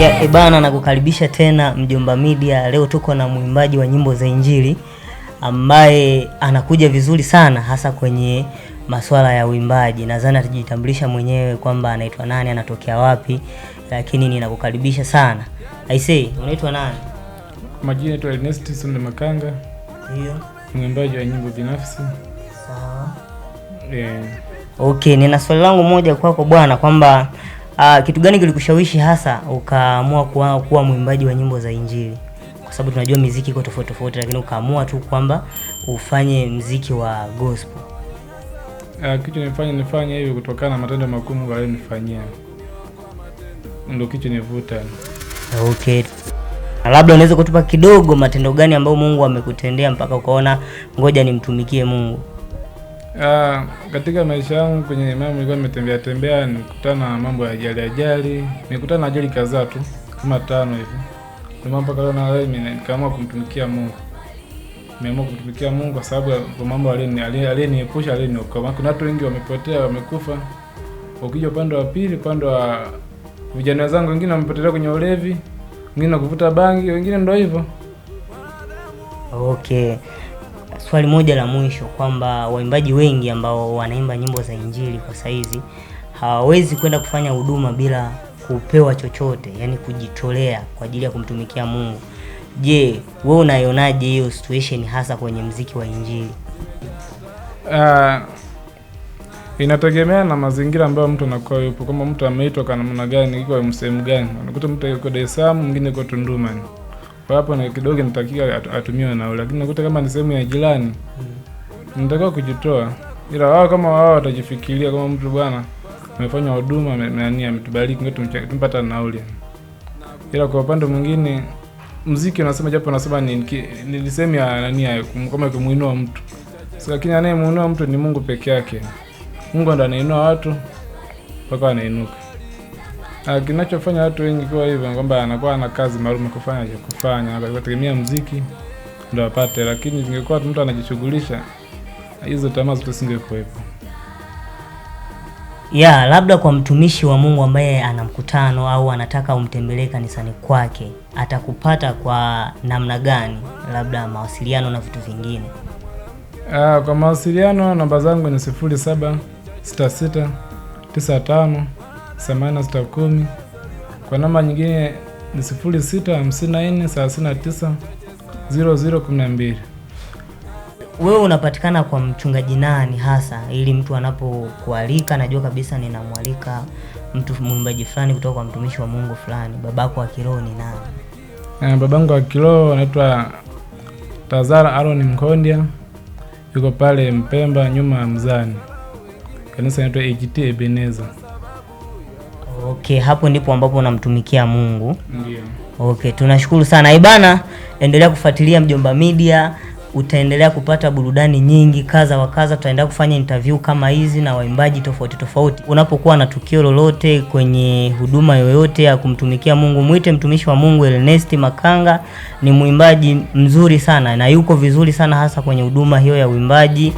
Ya ebana eh, na kukaribisha tena Mjomba Media. Leo tuko na mwimbaji wa nyimbo za Injili ambaye anakuja vizuri sana hasa kwenye masuala ya uimbaji. Nadhani atajitambulisha mwenyewe kwamba anaitwa nani, anatokea wapi, lakini ninakukaribisha sana. aise unaitwa nani? Majina yetu Ernest Sunde Makanga. Ndio. Mwimbaji wa nyimbo binafsi. Sawa. Eh. Yeah. Okay, nina swali langu moja kwako bwana kwamba Uh, kitu gani kilikushawishi hasa ukaamua kuwa, kuwa mwimbaji wa nyimbo za Injili? Kwa sababu tunajua miziki iko tofauti tofauti, lakini ukaamua tu kwamba ufanye mziki wa gospel. Uh, kitu nifanye nifanye hivi kutokana na matendo makuu Mungu aliyonifanyia, ndio kitu nivuta. Okay, labda unaweza kutupa kidogo matendo gani ambayo Mungu amekutendea mpaka ukaona ngoja nimtumikie Mungu? Uh, katika maisha yangu kwenye imamu nilikuwa nimetembea tembea, nikutana na mambo ya ajali ajali, nikutana na ajali kadhaa tu kama tano hivi, ndio mambo kadhaa na mimi nikaamua kumtumikia Mungu. Nimeamua kumtumikia Mungu kwa sababu kwa mambo aliyeni aliniokoa. Kuna watu wengi wamepotea, wamekufa. Ukija upande wa pili, upande wa vijana wenzangu, wengine wamepotelea kwenye ulevi, wengine kuvuta bangi, wengine ndio hivyo. Okay swali moja la mwisho kwamba waimbaji wengi ambao wanaimba nyimbo za injili kwa saizi hawawezi kwenda kufanya huduma bila kupewa chochote, yani kujitolea kwa ajili ya kumtumikia Mungu. Je, we unaionaje hiyo situation hasa kwenye mziki wa injili? Uh, inategemea na mazingira ambayo mtu anakuwa yupo, kama mtu ameitwa kwa namna gani, iko sehemu gani. Unakuta mtu yuko Dar es Salaam, mwingine yuko Tunduma. Kwa hapo na kidogo inatakiwa atumiwe nao, lakini nakuta kama ni sehemu ya jirani mm. natakiwa kujitoa, ila wao kama wao watajifikiria kama mtu bwana amefanya huduma nani ametubariki tumpata nauli. Ila kwa upande mwingine mziki unasema japo unasema ni ni sehemu ya nani ya kama kumuinua mtu sasa, lakini anayemuinua mtu ni Mungu peke yake. Mungu ndo anainua watu mpaka wanainuka. Uh, kinachofanya watu wengi kuwa hivyo kwamba anakuwa ana kazi maalum ya kufanya cha kufanya, tegemea muziki ndio apate, lakini zingekuwa mtu anajishughulisha hizo tamaa zote zisingekuwepo. Ya, labda kwa mtumishi wa Mungu ambaye ana mkutano au anataka umtembelee kanisani kwake, atakupata kwa namna gani? Labda mawasiliano na vitu vingine. Uh, kwa mawasiliano namba zangu ni sifuri saba sita sita tisa tano themanini na sita kumi. Kwa namba nyingine ni sifuri sita hamsini na nne thelathini na tisa zero zero kumi na mbili. Wewe unapatikana kwa mchungaji nani hasa, ili mtu anapokualika najua kabisa ninamwalika mtu mwimbaji fulani kutoka kwa mtumishi wa Mungu fulani. Babako wa kiroho ni nani? Eh, babangu wa kiroho anaitwa Tazara Aroni mkondia yuko pale Mpemba nyuma ya Mzani, kanisa inaitwa AGT Ebeneza. Okay, hapo ndipo ambapo unamtumikia Mungu. Ndiyo. Okay, tunashukuru sana ibana, endelea kufuatilia Mjomba Media, utaendelea kupata burudani nyingi kaza wa kaza Tutaendelea kufanya interview kama hizi na waimbaji tofauti tofauti. Unapokuwa na tukio lolote kwenye huduma yoyote ya kumtumikia Mungu, mwite mtumishi wa Mungu Ernest Makanga. Ni mwimbaji mzuri sana na yuko vizuri sana, hasa kwenye huduma hiyo ya uimbaji.